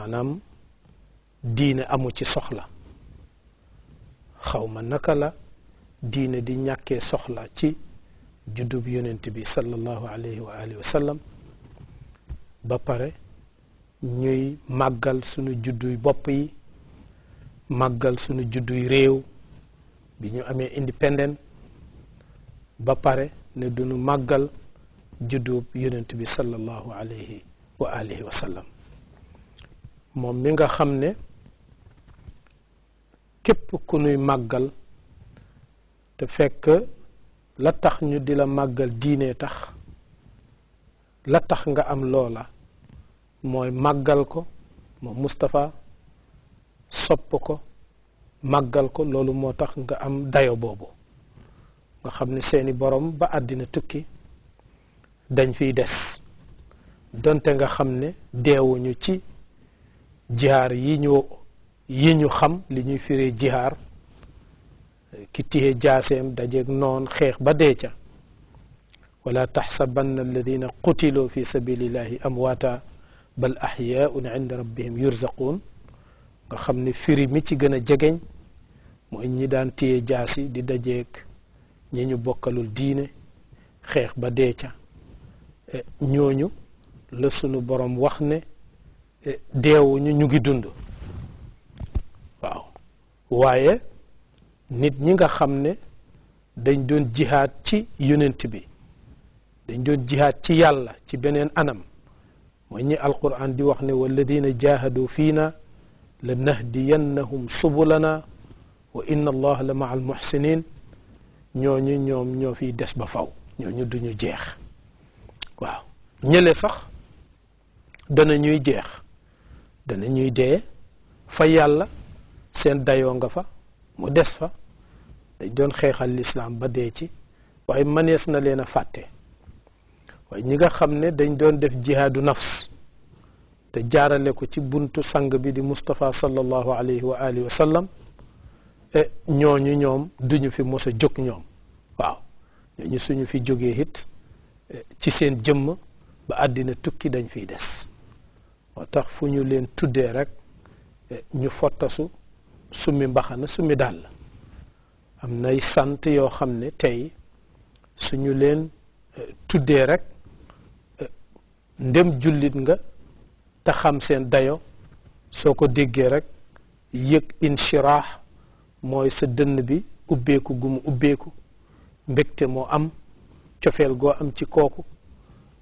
maanaam diine amu ci soxla xaw ma naka la diine di ñàkkee soxla ci juddub yonent bi sal allahu alayhi wa alihi wa sallam ba pare ñuy màggal sunu judduy bopp yi màggal sunu judduy réew bi ñu amee independent ba pare ne du nu màggal juddub yonent bi sal allahu alayhi wa alihi wa sallam moom mi nga xam ne képp ku nuy màggal te fekk la tax ñu di la màggal diine tax la tax nga am loola mooy màggal ko moom mustafa sopp ko màggal ko loolu moo tax nga am dayo boobu nga xam ne seeni borom ba àddina tukki dañ fiy des donte nga xam ne deewuñu ci jihar yi ñu yi ñu xam li ñuy firé jihar ki tiye jaaseem dajeeg non xex ba dee ca wala taxsabanna alladhina qutilu fi sabilillahi amwata bal ahya'un inda rabbihim yurzaqun nga xam ne firi mi ci gëna jegeñ moy ñi daan téye jaasi di dajeeg ñi ñu bokkalul diine xex ba dee ca ñooñu la sunu borom wax ne deewuñu ñu ngi dund waaw waaye nit ñi nga xam ne dañ doon jihaat ci yonent bi dañ doon jihaat ci yàlla ci beneen anam mooy ñi alquran di wax ne walladina jahadu fiina la nahdiyannahum subulana wa inna allaha la maa almuxsinin ñooñu ñoom ñoo fiy des ba faw ñooñu duñu jeex waaw ñële sax dana ñuy jeex dana ñuy dee fa yàlla seen dayoo nga fa mu des fa dañ doon xeexal lislaam ba dee ci waaye mënees na leen a fàtte waaye ñi nga xam ne dañ doon def jihaadu nafs te jaarale ko ci buntu sang bi di Moustapha sallallahu alayhi wa alihi wa sallam e ñooñu ñoom duñu fi mos a jóg ñoom waaw ñooñu suñu fi jógee it eh, ci seen jëmm ba àddina tukki dañ fi des moo tax fu ñu leen tuddee rek ñu fottasu summi mbaxana summi dàll am nay sant yoo xam ne tey suñu leen eh, tuddee rek eh, ndem jullit nga te xam seen dayo soo ko déggee rek yëg inshiraax mooy sa dënn bi ubbeeku gu mu ubbeeku mbégte moo am cofeel goo am ci kooku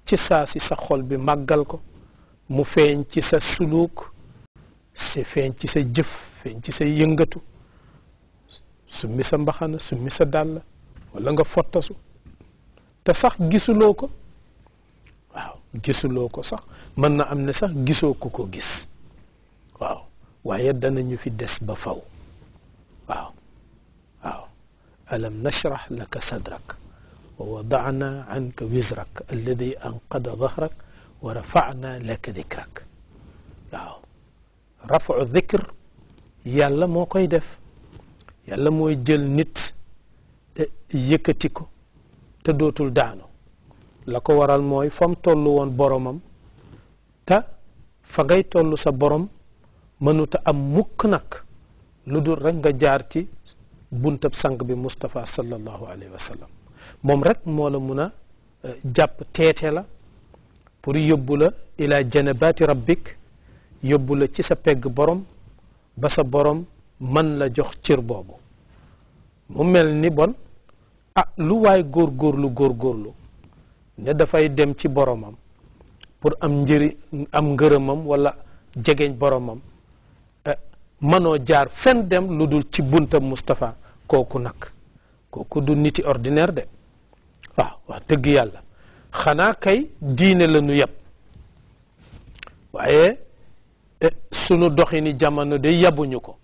ci saa si sa xol bi màggal ko mu feñ ci sa suluk si feñ ci sa jëf feñ ci sa yëngatu su misa mbaxana su misa dal wala nga fotasu ta sax gisuloko waaw gisuloko sax man na amne sax gisoko ko gis waaw waaye danañu fi dess ba faw waaw waaw alam nashrah laka sadrak wa wadana anka wizrak alladi anqada dahrak ورفعنا لك ذكرك يا رفع الذكر يلا مو كوي ديف يلا مو يجل نيت اه، يكتيكو تدوتول دانو لاكو ورال موي فم تولو وون بوروم تا فغاي تولو سا منو تا ام لدور رنجا جارتي رك جار تي صلى الله عليه وسلم ممرك رك اه، جاب تيتي pour yóbbu la ila janabaati rabbik yóbbu la ci sa pegg borom ba sa borom mën la jox cër boobu mu mel ni bon a ah, lu waay góor góorgóorlu góorgóorlu ne dafay dem ci boromam pour am njëri am ngërëmam wala jegeñ boromam eh, mënoo jaar fenn dem lu dul ci buntam Moustapha kooku nag kooku du niti ordinaire de waaw wax dëgg yàlla xanaa kay diine la nu yeb waaye eh, sunu doxini jamono de yabuñu ko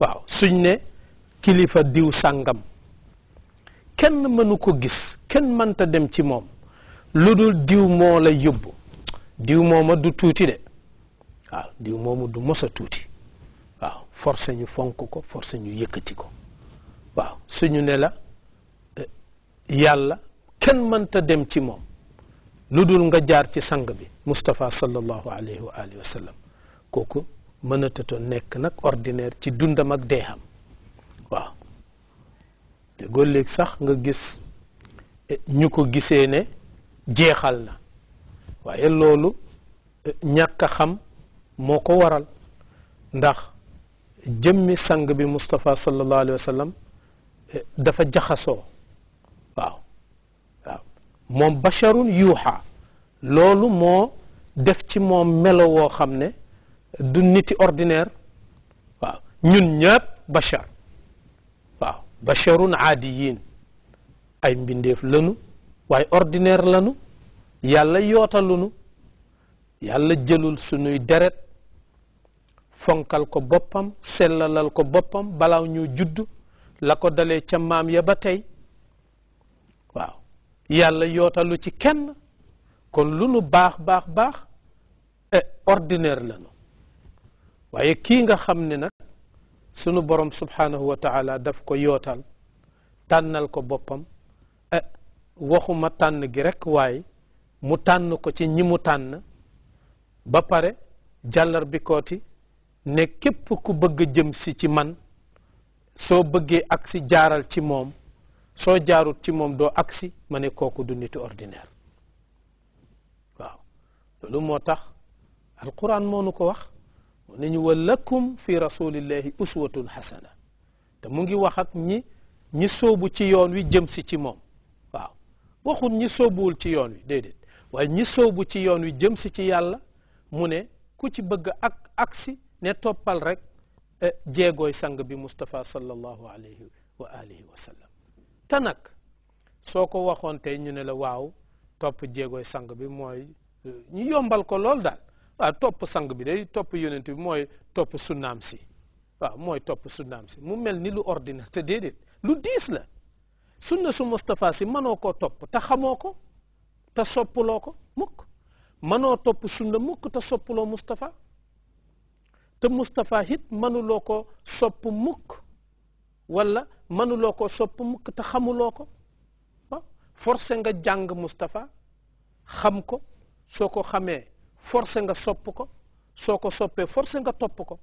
waaw suñ ne kilifa diw sàngam kenn mënu ko gis kenn mënta dem ci moom lu dul diw moo la yóbbu diw mooma du tuuti de waaw diw moomu du mos tuuti waaw forcé ñu fonk ko forcé ñu yëkkati ko waaw suñu ne la eh, yàlla kenn mënta dem ci moom lu dul nga jaar ci sang bi Moustapha sallallahu alayhi wa alihi wa sallam kooku nekk nag ordinaire ci dundam ak deexam waaw léegoo léeg sax nga gis e, ñu ko gisee ne jeexal na waaye loolu e, ñàkk a xam moo ko waral ndax jëmmi sang bi Moustapha sallallahu alayhi wa e, dafa jaxasoo waaw moom basharun yuuxa loolu moo def ci moom melo woo xam ne du niti ordinaire waaw ñun ñëpp bachar waaw basharun aadiyin ay mbindeef lanu waaye ordinaire lanu yàlla yootalunu yàlla jëlul sunuy deret fonkal ko boppam sellalal ko boppam balaaw ñu judd la ko dalee ca maam ya ba tey waaw yàlla yootalu ci kenn kon lu nu baax baax baax e ordinaire lanu waaye kii nga xam ne nag sunu borom subhanahu wa daf ko yootal tànnal ko boppam eh, waxuma tànn gi rekk waaye mu tànn ko ci ñi mu tànn ba pare jàllar bi kooti ne képp ku bëgg jëm si ci man soo bëggee ak si jaaral ci moom soo jaarut ci moom doo agsi ma ne kooku du nitu ordinaire waaw loolu moo tax alquran moo nu ko wax mu ne ñu wa lakum fi rasulillahi uswatun xasana te mu ngi wax ak ñi ñi sóobu ci yoon wi jëm si ci moom waaw waxut ñi soobuwul ci yoon wi déedéet waaye ñi soobu ci yoon wi jëm si ci yàlla mu ne ku ci bëgg ak agsi ne toppal rekk eh, jeegooy sang bi Mustafa sallallahu alihi wa sallam te nag soo ko waxoon tey ñu ne la waaw topp jéegoy sang bi mooy ñu yombal ko lool daal waaw topp sang bi day topp yonent bi mooy topp sunnaam si waaw mooy topp sunnaam mu mel ni lu ordinaire te déedéet lu diis la sunna su Moustapha si mënoo koo topp te xamoo ko te soppuloo ko mukk mënoo topp sunna mukk te soppuloo Moustapha te Moustapha it mënuloo ko sopp mukk walla mënuloo ko sopp mukk te xamuloo ko waaw nga jàng Moustapha xam ko soo ko xamee force nga sopp ko soo ko soppee forcé nga topp ko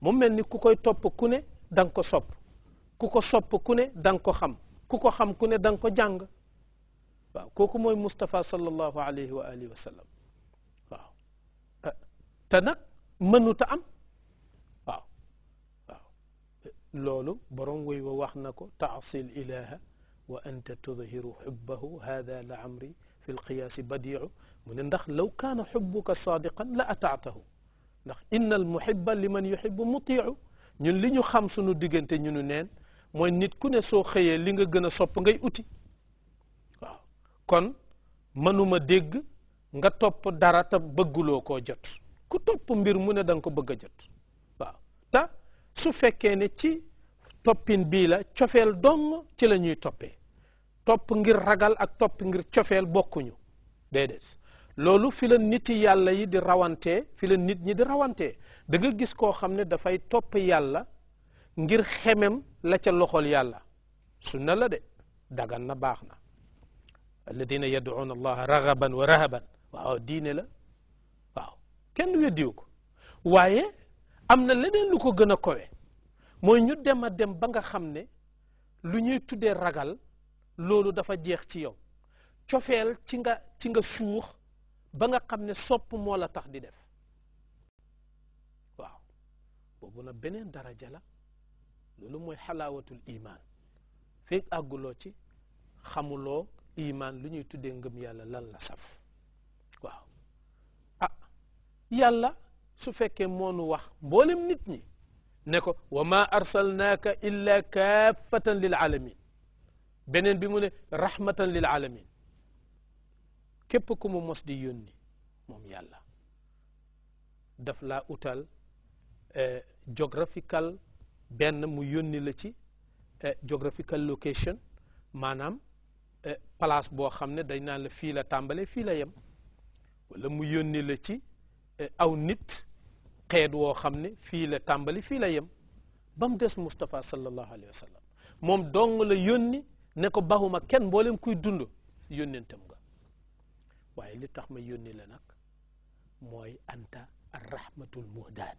mu mel ni ku koy topp ku ne da ko sopp ku ko sopp ku ne dang ko xam ku ko xam ku ne da nga ko jàng waaw kooku mooy Moustapha sallallahu alayhi wa alihi wa sallam waaw eh, te nag mënuta am loolu borom woy wa wax na ko taasil ilaha wa anta tudhiru xubbahu hada la amri fi lqiyaasi badiicu mu ne ndax law kaana xubbuka saadiqan la ataatahu ndax inna al muhiba li man yuhibu mutiicu ñun li ñu xam sunu diggante ñu nu neen mooy nit ku ne soo xëyee li nga gën a sopp ngay uti waaw kon mënuma dégg nga topp dara te bëgguloo koo jot ku topp mbir mu ne da nga ko bëgg a jot su fekkee ne ci toppin bii la cofeel dong ci lañuy ñuy toppee topp ngir ragal ak topp ngir cofeel bokkuñu déedéet loolu fi la niti yàlla yi di rawantee fi la nit ñi di rawantee da gis koo xam ne dafay topp yàlla ngir xemem la ca loxol yàlla sunna la de dagan na baax na alladina yad'uuna diine la waaw kenn weddiwu ko waaye am na leneen lu ko gën a kowe mooy ñu dem a dem ba nga xam ne lu ñuy tuddee ragal loolu dafa jeex ci yow cofeel ci nga ci nga suux ba nga xam ne sopp moo la tax di def waaw boobu na beneen daraja la loolu mooy xalaawatul iman fekk àgguloo ci xamuloo imaan lu ñuy tuddee ngëm yàlla lan la saf waaw ah yàlla su fekkee moonu wax mboolem nit ñi ne ko wa ma arsalnaaka illa kaffatan lil alamin beneen bi mu ne rahmatan lil alamin képp ku mu mos di yónni moom yàlla daf laa utal geographical benn mu yónni la ci geographical location maanaam place boo xam ne dañ naan la fii la tàmbale fii la yem wala mu yónni la ci aw nit xeet woo xam ne fii la tàmbali fii la yem ba mu des Moustapha sallallahu alayhi wa sallam moom dong la yónni ne ko baxuma kenn mboolem kuy dund yónnentam nga waaye li tax ma yónni la nag mooy anta arrahmatul muhdaad